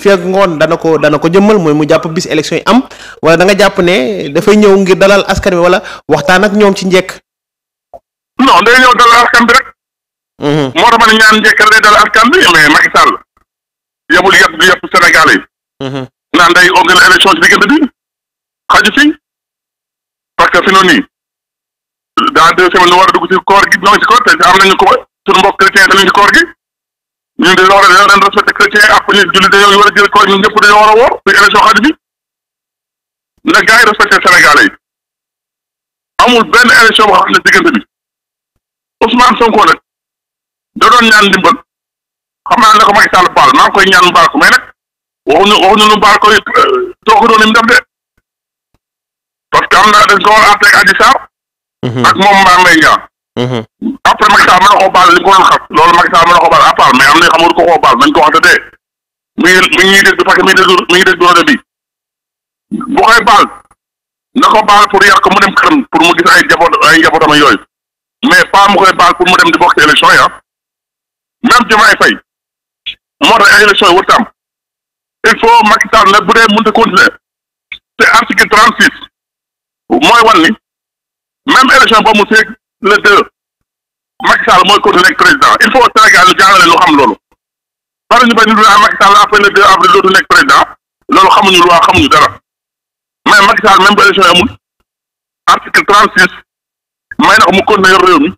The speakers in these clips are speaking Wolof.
fi ngoon dana ko dana ko jëmmal mooy mu jàpp bis élection yi am wala danga jàpp ne dafay ñëw ngir dalal askan bi wala waxtaan ak ñoom ci njëkk. non day ñëw dalal askan bi rek. Mhm. moo tax ma ne ñaan njëkk lay dalal bi mais Macky Sall yabul noonu mhm. nii deux semaines lu war a dugg ci koor gi ñoo ci koor gi. ñun dañoo war a dañoo leen respecté chrétien ak ñu a jël koor ñun ñëpp dañoo war a na gars yi respecté Sénégalais yi amul benn élection boo xam ne diggante bi Ousmane Sonko nag da doon ñaan ndimbal xam naa ne ko Macky Sall baal maa koy ñaan mu baal ko mais nag waxuñu waxuñu nu baal koy tooke euh, doon nañu def de parce am na dañ mhm. ak moom maa ngi ñaan. Mm-hmm. après Macky Sall mën na koo baal li ko doon xas loolu Macky Sall mën na koo baal à part mais am na xamul ko koo baal nañ ko wax te dee mi ngi mi ngi dégg parce que mi ngi dégg mi ngi dégg rajo bi bu koy baal na ko baal pour yar ko mu dem këram pour mu gis ay njaboot ay njabootam yooyu mais pas mu koy baal pour mu dem di bokk ci élection yi ah même Diomaye Faye moo tax ay élection yi wër tam il faut Macky Sall la bu dee mënut a continuer te article trente six mooy wan ni même élection boobu mu seeg le deux Macky Sall mooy continuer nekk président il faut Sénégal ñu jàngale lu xam loolu bari ñu bañ ñu dina Macky Sall après le deux avril dootu nekk président loolu xamuñu loi xamuñu dara mais Macky Sall même bu élection a amul article trente six may na ko mu continuer yor réew mi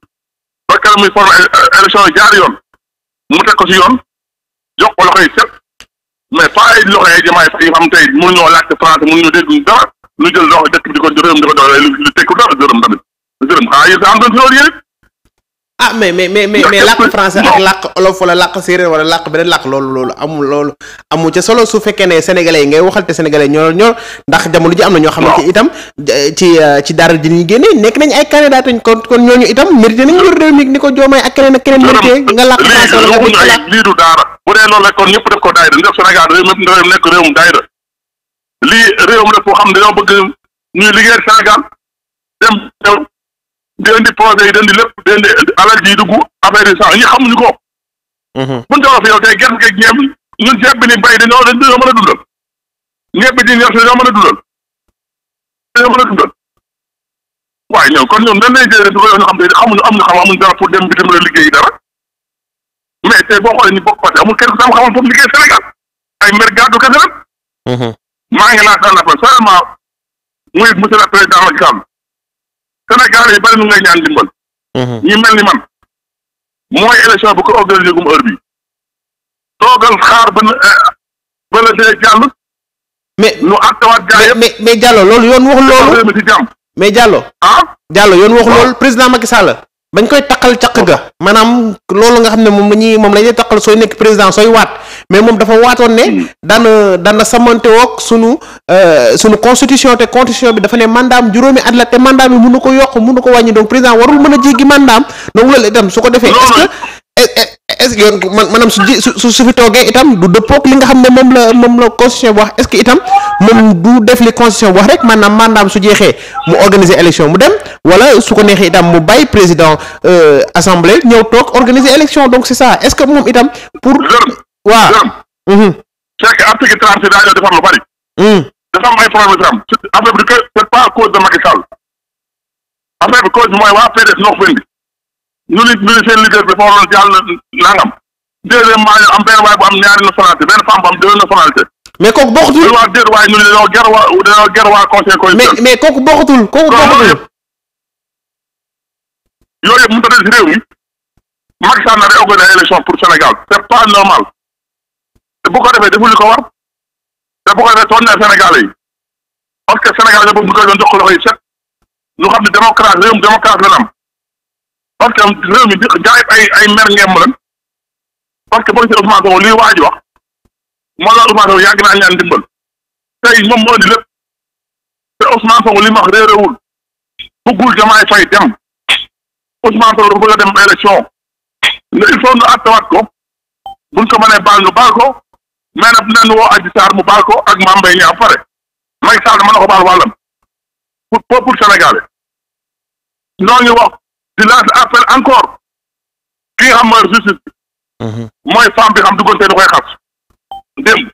ba kenn muy forme élection yi jaar yoon mu teg ko ci yoon jox ko loxo yi set mais pas ay loxo yi jëmaay fa yi xam tey mënuñoo laajte français mënuñu dégg dara ñu jël loxo dëkk bi di ko dërëm xanaa yéen am doon si loolu yéen ah mais mais mais mais làkk français ak làkk olof wala làkk séeréer wala làkk beneen làkk loolu loolu amul loolu amul ca solo su fekkee ne sénégalais yi ngay waxal te sénégalais ñor ñor ndax jamono ji am na ñoo xamante itam ci euh, ci daara ji ñuy génne nekk nañ ay candidat kon kon ñooñu itam mérité ko joomaay ak keneen ak keneen mérité nga làkk français wala nga dégg làkk lii du daara bu dee loolu la kon ñëpp def ko daayira ñu def Sénégal réew mépp réew nekk réewum daayira lii réewum la foo xam ne dañoo bëgg ñuy liggéey Sénégal di indi projet yi di indi lépp di indi alal ji dugg affaire yi sax ñi xamuñu ko. Mhm. bu ñu toll fi yow tey gerte gi ak ñeem ñun ceeb bi ni bay dañoo dañoo mën a dundal ñeeb bi di ñor dañoo mën a dundal dañoo mën a dundal waaye ñoom kon ñoom nan lay jëlee dugub yoo xam te xamuñu amuñu xam amuñu dara pour dem bitim réew liggéeyi dara mais tey boo xoolee ñu bokk parce que amul kenn ku am xamal foofu liggéey Sénégal ay mer gàddu kese la. Mhm. maa ngi laaj sànq seulement muy monsieur le président Macky Sall Sénégal yi bari nu ngay ñaan dimbal. Mhm. ñi mel ni man mooy élection bu ko organisé gum heure bi toogal xaar ba eh, ba la dee jàll. mais nu àttewaat gaa yëpp mais mais Diallo loolu yoon wax loolu. mais Diallo. ah yoon wax ah. loolu président Macky Sall. bañ koy takkal caq ga ah. maanaam loolu nga xam ne moom la ñuy moom la ñuy takkal sooy nekk président sooy waat. mais moom dafa waatoon ne. Hmm. dana dana samante woog sunu euh, sunu constitution te constitution bi dafa ne mandaam juróomi at la te mandaam yi mënu ko yokk mënu ko wàññi donc président warul mën a jéggi mandaam donc loolu itam su ko defee. est-ce que est-ce su su su fi toogee itam du dëppoog li nga xam ne moom la moom la constitution wax est-ce que itam moom def li constitution bi wax rek maanaam mandaam su jeexee mu organiser élection mu dem wala su ko neexee itam mu bàyyi président euh, assemblée ñëw toog organiser élection donc c'est ça est-ce que moom itam pour. waaw c'est mm-hmm. que article trente daa ñëw defar lu bari mm. dafa am ay problème am affaire bi c'est pas cause de Macky Sall affaire bi cause bi mooy waa PDS ñoo ko fendi ñu ni ñu ni seen leader bi dafa waroon jàll nangam deuxièmement ñu am benn waay bu am ñaari nationalité benn femme bu am deux nationalité mais kooku bokkutul waa déet waaye ñu ne dañoo ger waa dañoo ger waa conseil constitutionnel mais mais kooku bokkutul kooku bokkutul yooyu yëpp mënut a des réew mi Macky Sall na réorganiser élection pour Sénégal c'est pas normal te bu ko defee deful li ko war te bu ko defee tooñ na Sénégalais yi parce que Sénégal yëpp bu ko doon jox ko loxo yi set ñu xam ne démocratie réewum démocratie la am parce que réew mi jaay ay ay mer ngeem lan parce que boo gisee Ousmane Sonko lii waa ji wax moo la Ousmane Sonko yàgg naa ñaan ndimbal tey moom moo indi lépp te Ousmane Sonko li mu wax réeréewul bëggul jamaay fay dem Ousmane Sonko dafa bëgg a dem élection il faut ñu àttewaat ko buñ ko mënee baal ñu baal ko. mais nag dinañ woo Adji Sarr mu baal ko ak Mame Mbaye Niang pare Macky Sall mën na ko baal wàllam pour peuple sénégalais ñoo ngi wax di lancer appel encore ki nga xam mooy justice bi. Mhm. mooy femme bi xam duggante ni koy xas. démb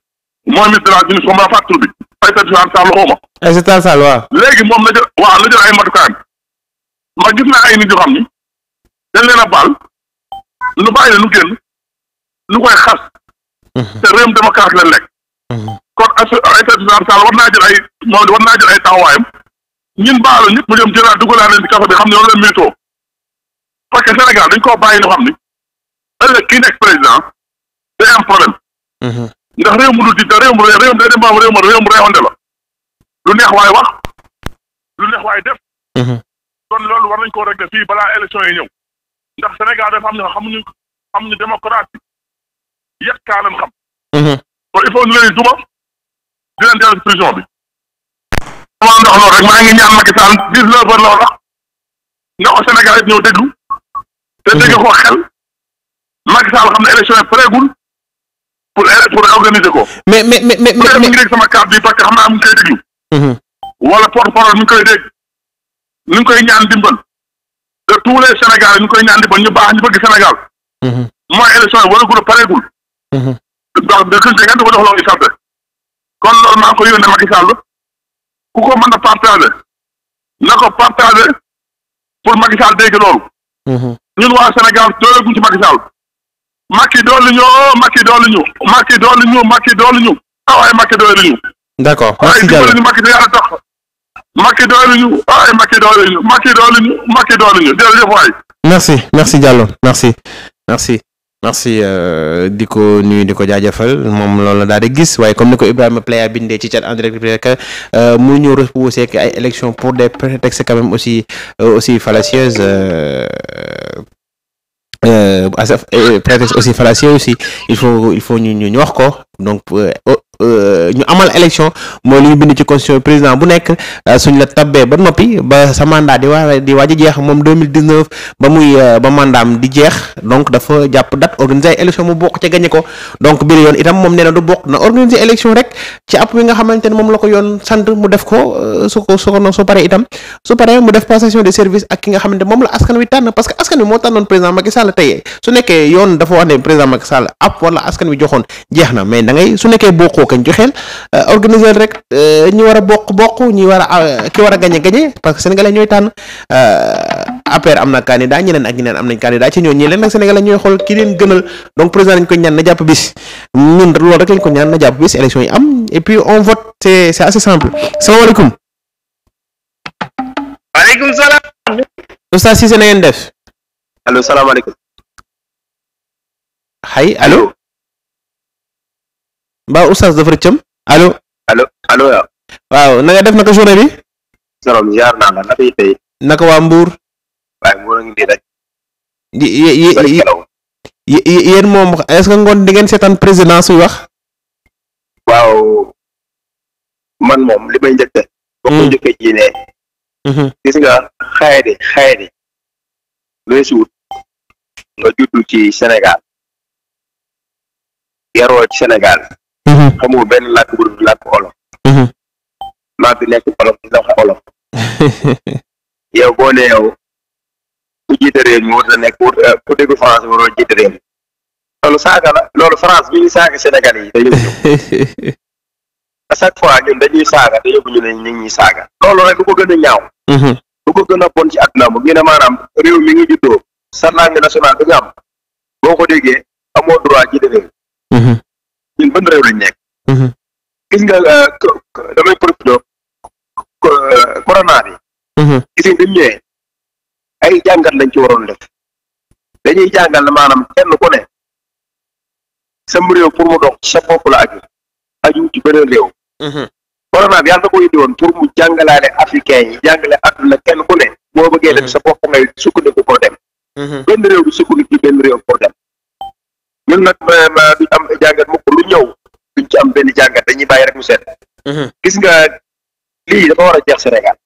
mooy ministre de la justice moom la fàttali bi. Aïssata Tall Sall xaw ma. Aïssata Tall Sall waaw. léegi moom la jël waaw la jël ay matukaayam ma gis naa ay nit yoo xam ni dañ leen a baal nu bàyyi la nu génn nu koy xas. Mm-hmm. te réewum démocrate la nekk. Mm-hmm. kon assurance président Sall war naa jël ay moom war naa jël ay taxawaayam ñun baalu ñëpp mu jëm jëlaat dugalaat leen ci kaso bi xam ne loolu la méttoo parce que Sénégal dañ koo bàyyi loo xam ni ëllëg kii nekk président day am problème. Mm-hmm. ndax réew mu dul di réew mu réew day dem ba am réew mu réew mu reewante la lu neex waay wax lu neex waay def. kon loolu war nañ koo régler fii balaa élection yi ñëw ndax Sénégal dafa am ñoo xamuñu xamuñu démocratie yàqaa lañ xam. kon mhm. il faut ñu leen di duba di leen dellu bi. xam nga loolu rek maa ngi ñaan Macky Sall dix neuf heures la wax nga ko Sénégal yëpp déglu. te mhm. dégg ko xel Macky Sall xam ne élection yi pareegul pour pour organiser ko. mais mais mais mais mais mu ngi dégg sama carte bi parce xam naa mu ngi koy déglu. Mhm. wala koy dégg ñu ngi koy ñaan dimbal de tous les Sénégalais ñu koy ñaan dimbal ñu baax ñu bëgg Sénégal. mooy élection donc de suñ kenn du ko jox loolu sant kon loolu maa ngi koy yónnee Macky Sall ku ko mën a partager na ko partager pour Macky Sall dégg loolu. Mhm. ñun waa Sénégal dooleeguñ ci Macky Sall Macky doole oh, ñu Macky doole ñu Macky doole ñu Macky doole ñu ah waaye Macky doole ñu. d'accord merci Diallo waaye dimbali ñu Macky te yàlla tax Macky doole ñu ah waaye Macky doole ñu Macky doole ñu Macky doole ñu jërëjëf waay. merci merci Diallo merci. merci euh, di ko nuyu di ko jaajëfal moom loolu la daal di gis waaye comme ni ko Ibrahima Pleya bindee ci cat en direct bi rek euh, muy ñëw repousser que ay élections pour des prétextes quand même aussi euh, aussi fallacieuses prétextes aussi fallacieux aussi il faut il faut ñu ñu wax ko donc euh, euh, euh, ñu amal élection mooy li ñu ci constitution président bu nekk suñ la tabbee ba noppi ba sa mandat di waa di waaj a jeex moom 2019 ba muy ba mandaam di jeex donc dafa jàpp date organiser ay élection mu bokk ca gañe ko donc biir yoon itam moom nee na du bokk xamante ne moom la ko yoon sant mu def ko su ko su ko su paree itam su paree mu def passation de service ak ki nga xamante moom la askan wi tànn parce que askan wi moo tànnoon président Macky Sall su nekkee yoon dafa wax ne président Macky app wala askan wi joxoon jeex na mais da su nekkee bokkoo kañ joxeel euh, organiser rek euh, ñi war a bokk bokk ñi war a euh, ki war a gañe gañe parce que sénégalais ñooy tànn APR am na candidat leen ak ñeneen am nañ candidat ci ñoo ñi leen nag sénégalais ñooy xool ki leen gënal donc président lañ ko ñaan na jàpp bis ñun loolu rek lañ ko ñaan na jàpp bis élection yi am et puis on vote c'est c'est assez simple salaamaaleykum waaleykum salaam Oustaz na ngeen def allo salaamaaleykum hay allo mbaa oustaz dafa rëccam alo allo alo waaw. waaw na nga def naka journée bi. salaam ziar naa la naka yi tey. naka waa Mbour. waaye Mbour a ngi nii moom est-ce que ngoon di ngeen seetaan président suy wax. waaw man moom li may njëkk. boo ko hmm. njëkkee mhm. gis nga xaye de xaye de. weesuut juddu ci Sénégal. yaroo ci Sénégal. xamoo benn làkk bu dul làkk olof mhm. maa fi nekk olof di la wax olof yow boo ne yow ku jiite réew mi warut a nekk warut a ku dégg France waroo jiite réew loolu saaga la loolu France bi ñu saaga Sénégal yi dañu ñu à chaque fois ñun dañuy saaga te yóbbu ñu ne ñu ñuy saaga loolu rek lu ko gën a ñaaw lu mhm. ko gën a bon ci àdduna mu ñu ne maanaam réew mi ngi juddoo sa langue bi nga boo ko déggee amoo droit jiite réew mhm. ñun ban réew lañ nekk gis nga euh, damay profité corona bi. Mhm. gis nga jàngat lañ ci waroon def jàngal ne maanaam kenn ku réew pour mu dox sa bopp beneen réew. Mhm. corona bi yàlla da ko indi woon pour mu jàngalaale africain yi jàngale àdduna kenn ku ne boo bëggee def mhm. sa bopp ngay sukkandiku ko dem. benn réew du sukkandiku ci benn réew pour dem ñun nag ma du am lu ñëw. duñ ci am benn jàngat dañuy bàyyi rek mu seet. Mhm. gis nga lii dafa war a jeex Sénégal.